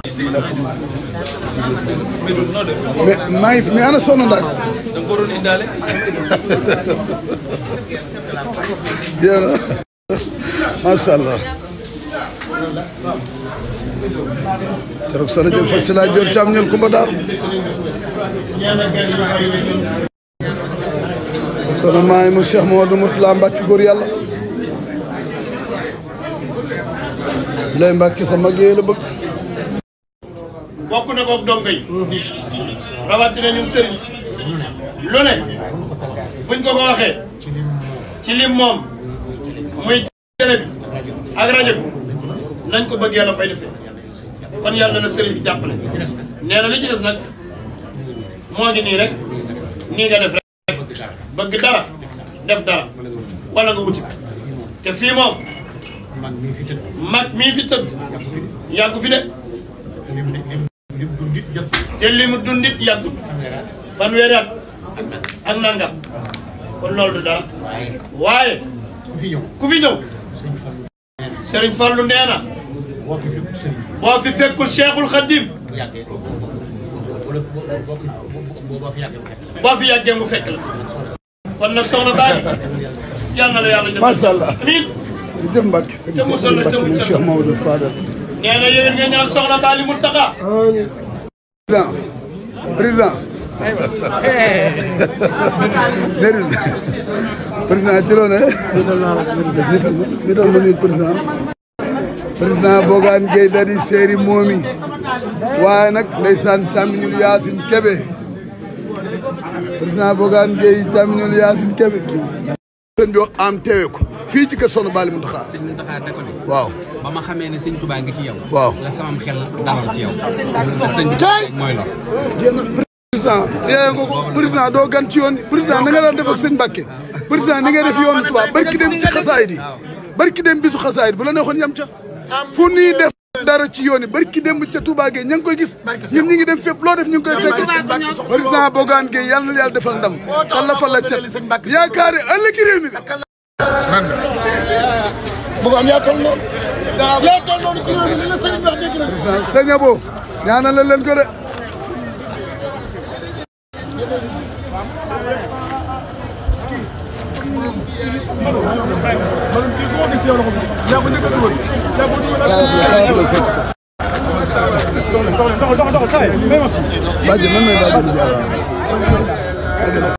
mais maa ngi mais ana sonn ndax. da nga a macha allah. keroog Sala Dior Fatou Sila Dior Thiam Daar. soxna maa ngi mu Cheikh Mamadou Moutala Mbacke góor yàlla. lay Mbacke sama mag yee na koog donga yi rawatina ñun sëriñ si lu ko ko ci lim moom muy télé bi ak rajo bi nañ ko bëggee la koy defee kon yàlla na sëriñ bi jàppale nee na li ci des nag moo ngi nii rek nii nga def rek bëgg dara def dara wala nga wuti te fii moom mag mii fi tëdd yàggu fi de it jot. te li mu dund it yàggut. fanweeri at ak waaye. ku fi ku fi ñëw. Serigne Fallou boo fi fekkul Serigne. boo fi boo fi yàggee mu fekk la. kon nag na la yàlla jëf. macha allah amiin. jërëjëf Mbacke. te mosal la te mu Cheikh mu taxa. Rıza. Rıza. Nerede? Président Thilone. Nital ma nuyu président. président Bougane Gueye Dany Seri Momi. waaye nag ndeysaan càmmiñul Yacine Kébé. président Bougane Gueye càmmiñul Yacine Kébé. sëñ bi am teewee ko fii ci kër Soxna Bally Mountakha. Wow. ba ma xamee ne sëñ Tuubaa ngi ci yow. waaw la samam xel dalal ci yow. président yaa ngi ko président doo gan ci yoon président na nga daan def ak sëñ Mbàkke président ni nga def yoon Tuubaa ki dem ci xasaayid yi barki dem bisu xasaayid bu la neexoon yam ca fu nii def dara ci yoon yi ki dem ca Touba Gueye ña ngi koy gis ñun ñu ngi dem fépp loo def ñu ngi koy fekk président Bougane Gueye yàlla na yàlla defal ndam talla fa la cet yaakaari ëllëg réew mi man Bougane yaa toll noonu yaa toll noonu ci réew mi li la sëriñ wax dégg na. sëñ Abo ñaanal la leen ko de. Bàjjen man may bàjjen jaara